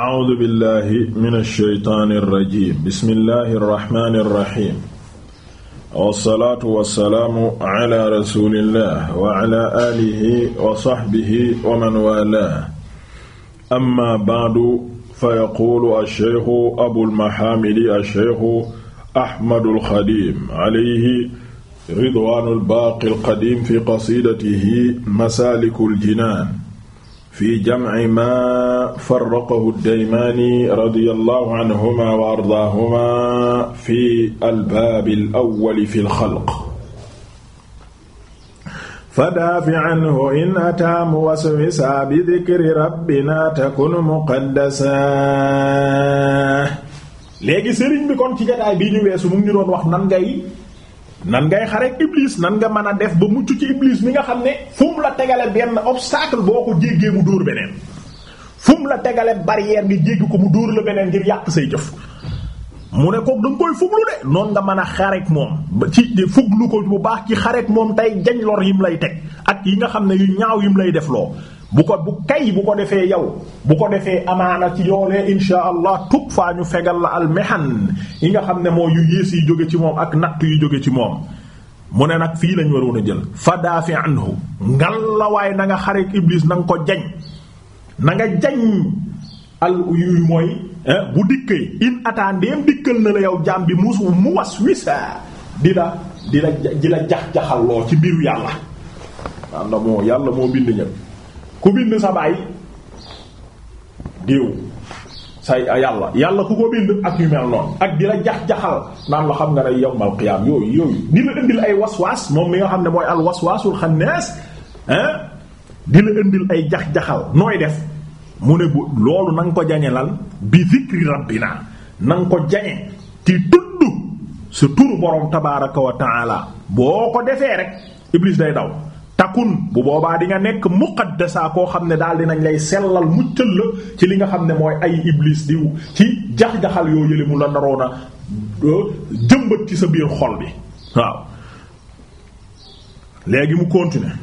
a'uudu billahi mina shaytaani rajiim bismillahi rahmaani rahiim. wasalaatu wasalaamu ala rasulillah wa ala aalihi wa saxbihi wa man waalaahu. amma ba'du fa yaquulu ash-shaykhu abul mahaamidi ash-shaykhu ahmadul xadiim alayhi ridwaanul baaqil qadiim fi qasiidatihi masaalikul jinaan. fi jamci ma farraqahu daymaani radiyallahu anhuma wa ardaahuma fi albaabi alawwali fi lxalq fadaafi canhu in ataa muwaswisa bi dikri rabbina takun muqaddasa léegi sëriñ bi kon ci jataay bii ñu weesu mu ngi doon wax nan ngay nan ngay xaree iblis nan nga mën a def ba mucc ci iblis mi nga xam ne fu la tegale benn obstacle boo ko jéggee mu dóor beneen fu la tegale barrière nga jéggi ko mu dóor la beneen ngir yàq say jëf mu ne ko da nga koy fuglu de noonu nga mën a xarek moom ba ci fuglu ko bu baax ci xarek moom tey jañ lor yim lay teg ak yi nga xam ne yu ñaaw yim lay def loo bu ko bu kay bu ko defee yow bu ko defee amaana ci loolee insha allah tub faa ñu fegal la almehan yi nga xam ne moo yu yées yi jóge ci moom ak natt yu jóge ci moom mu ne nag fii lañ waroon a jël fa daafi anhu ngal la waaye na nga xareek iblis na nga ko jañ nanga nga jañ al yuy mooy eh, bu dikkee in attandeem dikkal na la yow jaam bi musu mu was wisa di la di la jax-jaxalloo ci mbiru yàlla wanda moo yàlla moo bind ñëpp ku bind sa baay diw sa yàlla yàlla ku ko bind ak yu mel noonu ak di la jax-jaxal naan la xam nga ne yawmal qiyaam yooyu yooyu di la indil ay waswaas moom mi nga xam ne mooy al waswaasul xannaas ah di la indil ay jax-jaxal nooy def mu ne bu loolu na nga ko jañe lan bi zikri rabbina na nanga ko jañe ci tudd sa turu borom tabaaraka wa boo ko defee rek iblis day daw takun bu boobaa di nga nekk muqaddasa koo xam ne daal dinañ lay sellal muccal la ci li nga xam ne mooy ay iblis diw ci jax-jaxal yoo yële mu la naroon a euh, ci sa biir xol bi waaw léegi mu continuer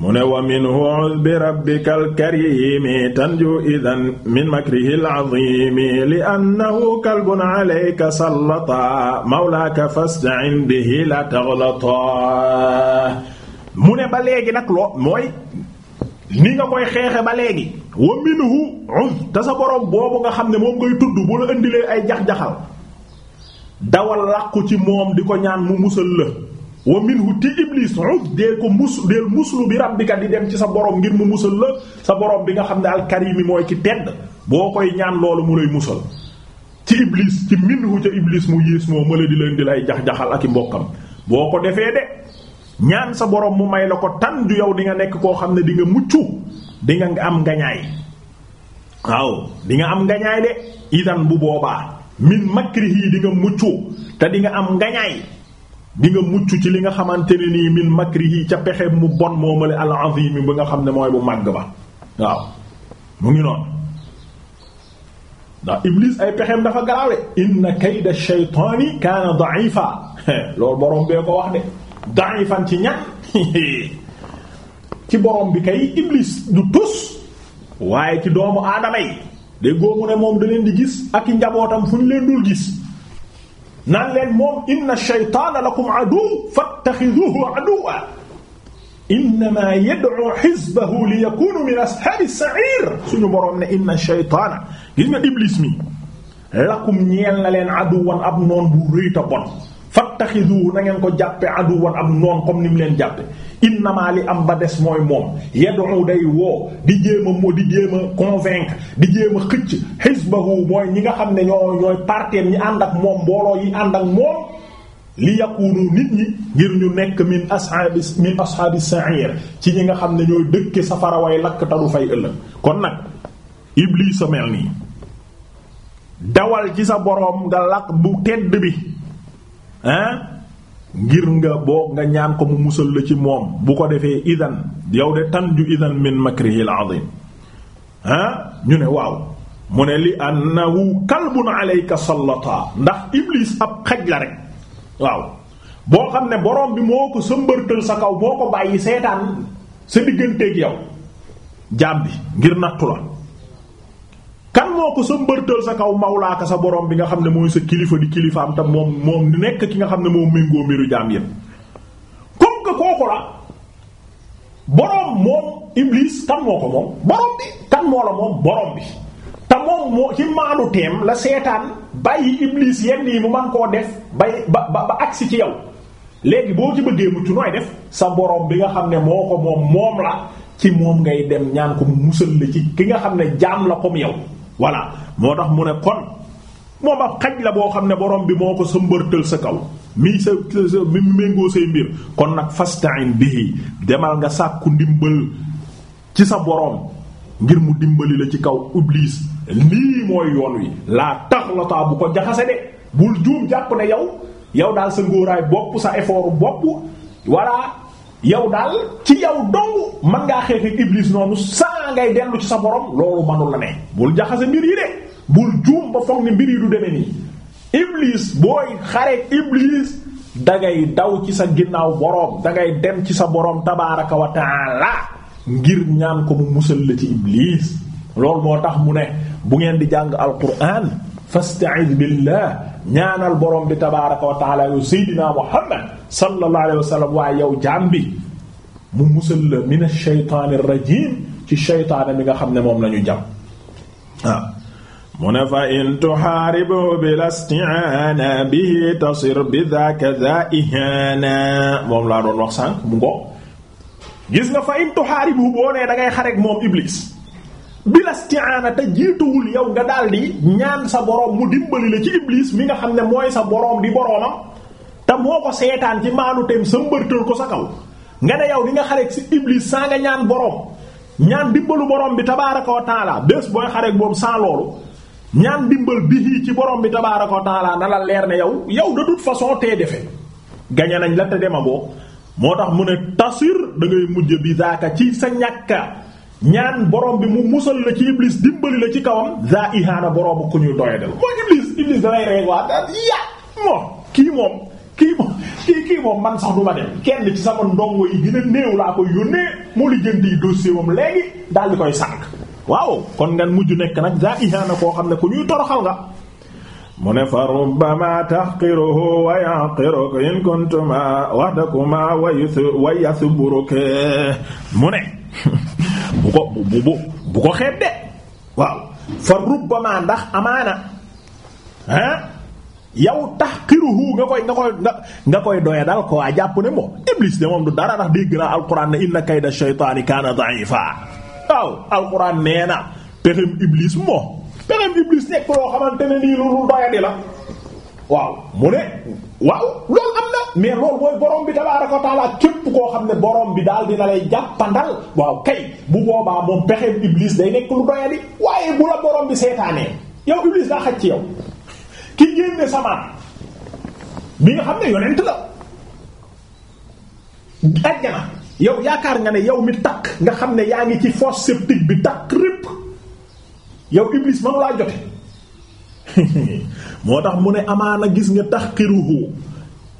mu ne wa minhu bi rabbikal karimi tanju idan min makrihil azimi li annahu kalbun alayka sallata mawlaka fasta'in bihi la taghlata mu ne ba léegi nag loo mooy ni nga koy xeexe ba léegi wa minhu uz te sa borom boobu nga xam ne moom koy tudd bu la indilee ay jax-jaxal dawal làqu ci moom di ko ñaan mu musal la wa minhu ti iblis uz dee ko mus deel muslu bi rabbika di dem ci sa borom ngir mu musal la sa borom bi nga xam ne alkarimi mooy ci tedd boo koy ñaan loolu mu lay musal ci iblis ci minhu ca iblis mu yées moo mala di la indil ay jax-jaxal ak i mbokkam boo ko defee de ñaan sa borom mu may la ko tan du yow di nga nekk koo xam ne di nga mucc di nga am ngañaay waaw di nga am ngañaay de idan bu boobaa min makrihi yi nga mucc te di nga am ngañaay di nga mucc ci li nga xamante ne nii min makrihi ca pexe mu bon moomale al azim ba nga xam ne mooy bu màgg ba waaw mu ngi noonu ndax iblis ay pexeem dafa garawe inna kayda shaytaani kaana da'ifa loolu borom bee ko wax de daañu fa ci ñan ci borom bi kay iblis du tus waaye ci doomu aadama yi day ne moom da leen di gis ak i njabootam fu ñu leen dul gis naan leen moom inna shaytaana lakum aduw fattaxiduhu aduwa innama inna shaytaana gis mi lakum ñeel na leen aduwan ab noon bu rëy bon tattaxidu na ngeen ko jàppe aduwan am noon comme ni mu leen jàppe innamaa li am ba des mooy moom yad'u day woo di jéem a moo di jéem a convaincre di jéem a xëcc xisbahu mooy ñi nga xam ne ñoo ñooy parteem ñi ànd ak moom mbooloo yi ànd ak moom li yakunu nit ñi ngir ñu nekk min ashabi min ashabi sa'ir ci ñi nga xam ne ñooy dëkke safara way lakk ta fay ëllëg kon nag Iblis mel nii dawal ci sa boroom nga lakk bu tedd bi ah ngir nga boo nga ñaan ko mu musal la ci moom bu ko defee idan yow de tanju idan min makrihil azim ah ñu ne waaw mu ne li annahu kalbun alayka sallata ndax iblis ab xaj la rek waaw boo xam ne borom bi moo ko sëmbërtal sa kaw boo ko bàyyi seetaan sa digganteeg yow jaam bi ngir nattu la kooku ko sa mbërtal sa kaw mawlaaka sa borom bi nga xam ne mooy sa kilifa di kilifaam tam moom moom nekk ki nga xam ne moom méngoo mbiru jaam yépp la borom moom moo ko moom borom bi kan moo la moom la seetaan bàyyi Iblis yenn yi mu man koo def bay ci yow léegi boo ci bëggee mucc def sa borom bi nga xam ne moo ko moom ngay dem ñaan ko mu musal la ci ki nga xam ne jaam la comme yow voilà moo tax mu ne kon moom ab xaj la boo xam ne boroom bi moo ko sa mbërtal sa kaw mii sa sa mi méngoo say mbir kon nag fasta'in bihi demal nga sàkku ndimbal ci sa borom ngir mu dimbali la ci kaw iblis lii mooy yoon wi laa taxlataa bu ko jaxase de bul juum jàpp ne yow yow daal sa ngóoraay bopp sa effort bopp voilà yow daal ci yow dong mën ngaa xeex ak noonu sa dangay ngay dellu ci sa borom loolu manul la ne bul jaxase mbir yi de bul juum ba foog ni mbir yi du deme nii iblis booy xare iblis dangay daw ci sa ginnaaw boroom dangay dem ci sa boroom tabaaraka wa taala ngir ñaan ko mu musal la ci iblis loolu moo tax mu ne bu ngeen di jàng alquran fasta'iz billah ñaanal boroom bi tabaaraka wa taala yow seydina muhammad sallallahu waaye yow jaam bi mu musal la min ash-shaytaanir rajiim ci shaytaane bi nga xam ne moom la ñu jàpp ah. mu ne fa in tuhaaribu bil isti'aana bihi tasir bi dhaka dha ihaana moom laa doon wax sànq mu ngo gis nga fa in tuhaaribu boo nee da ngay xarek moom iblis bil isti'aana te jiituwul yow nga daldi ñaan sa boroom mu dimbali la ci iblis mi nga xam ne mooy sa boroom di boroomam te moo ko seetaan ci maanuteem sa mbërtal ko sa kaw nga ne yow di nga xarek si iblis saa nga ñaan boroom ñaan dimbalu borom bi tabaaraka wa taala bés booy xareek boobu sans loolu ñaan dimbal bi ci borom bi tabaaraka wa taala na la leer ne yow yow de toute façon te defe gañe nañ la te demagoo moo tax mu ne tasir da mujj bi zaaka ci sa ñàkka ñaan borom bi mu musal la ci iblis dimbali la ci kawam za ihaana borom ku ñuy doyadal. mooy iblis iblis da lay waa daal yaa moom kii moom kii moom. kii kii moom man sax du ma dem kenn ci sama ndongo yi gën néew laa koy yónnee moo li jënd yi dossier moom léegi koy sànq waaw kon ngeen mujj nekk nag daa ihaana koo xam ne ku ñuy toroxal nga mu ne fa rubbama tahqiruhu wa yahqiruk in kuntuma wahdakuma mu ne bu ko bu bu bu ko xeeb de waaw fa rubbama ndax amaana ah yow tahqiruhu nga koy nga koy nga koy doya dal ko waa jàpp ne moom iblis de moom du dara ndax dégg naa alquran ne inna kayda shaytaani kaana da'ifa waaw alquran nee na pexem iblis moo pexem iblis nekk loo xamante ne nii lu doya di la waaw mu ne waaw loolu am na mais loolu mooy borom bi tabaaraka wa taala képp koo xam ne borom bi daal dina lay jàppandal waaw kay bu boobaa moom pexem iblis day nekk lu doya di waaye bu la borom bi seetaanee yow iblis daa xaj ci yow ki génne samaam bi nga xam ne yonent la ajjana yow yaakaar nga ne yow mi takk nga xam ne yaa ngi ci fosse septique bi takk rëpp yow iblis manu laa jote moo tax mu ne amaana gis nga tax xiruhu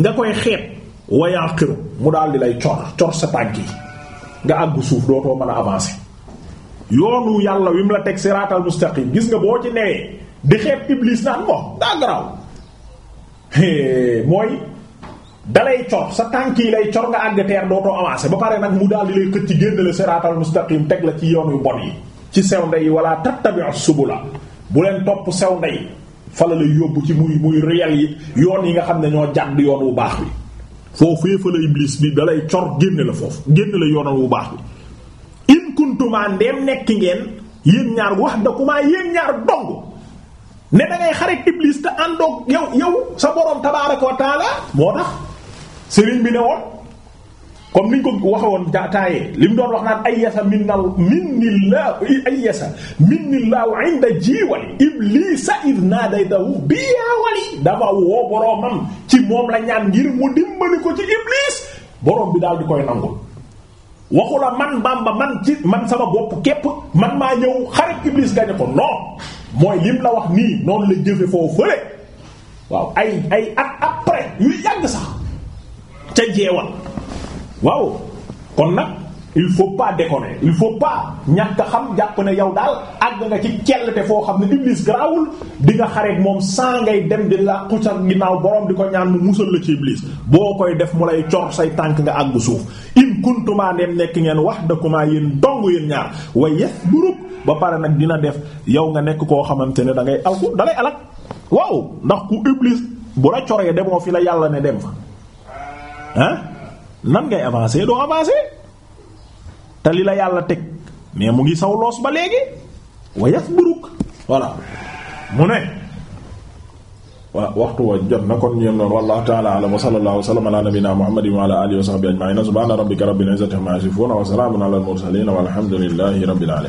nga koy xeet wayaa xiru mu daal di lay cor cor sa tànk yi nga àggu suuf dootoo mën a avancer yoonu yàlla wi mu la teg siraatal mustaqim gis nga boo ci newee di xeeb iblis naan moom daa garaw mooy dalay cor sa tànk yi lay cor nga àgg teer dootoo avancé ba pare nag mu daal di lay xëcc ci génn la siraatal mustaqim teg la ci yoon yu bon yi ci sew ndey wala subu la bu leen topp sew ndey fala yóbbu ci muy muy réel yi yoon yi nga xam ne ñoo jàdd yoon wu baax bi foofu fa la iblis bi dalay cor génn la foofu génn la yoon wu baax bi in kuntumaa ndeem nekk ngeen yéen ñaar wax da ku maa yéen ñaar ne da ngay xareek iblis te àndoog yow yow sa borom tabaaraka wa taala moo tax sëriñ bi ne woon comme niñ ko waxe woon taayee li mu doon wax naan ayyasa minnal minnillahu ayyasa minnillahu inda jiwali iblisa id naadaytahu bi yaa wali woo boromam ci moom la ñaan ngir mu dimbali ko ci iblis borom bi daal di koy nangul waxu la man Bamba man ci man sama bopp képp man maa ñëw xareek iblis gañe ko non mooy lim la wax nii noonu la jëfe foofu fële waaw ay ay at après yu yàgg sax ca jeewal waaw kon nag il faut pas déconner il faut pas ñàkk a xam jàpp ne yow daal àgg nga ci kell te foo xam ne iblis garaawul di nga xareek moom sans ngay dem di la xusa ginnaaw borom di ko ñaan mu musal la ci iblis boo koy def mu lay cor say tànk nga àgg suuf in kuntumaa ndeem nekk ngeen wahdakumaa yéen dong yéen ñaar wa yasburuk ba pare nag dina def yow nga nekk koo xamante ne dangay ngay alku da lay waaw ndax ku iblis bu la coree demoo fi la yàlla ne dem fa ah ngay avancer doo te li la yàlla teg mais mu ngi saw loos ba léegi wayas buruk voilà mu ne waxtu wa na kon ñoom noonu wallahu ta'ala a'lam wa sallallahu wa sallama ala nabiyyina muhammadin wa ala alihi wa sahbihi ajma'in subhana rabbika rabbil izzati amma yasifun wa salamun ala al mursalin walhamdulillahi rabbil alamin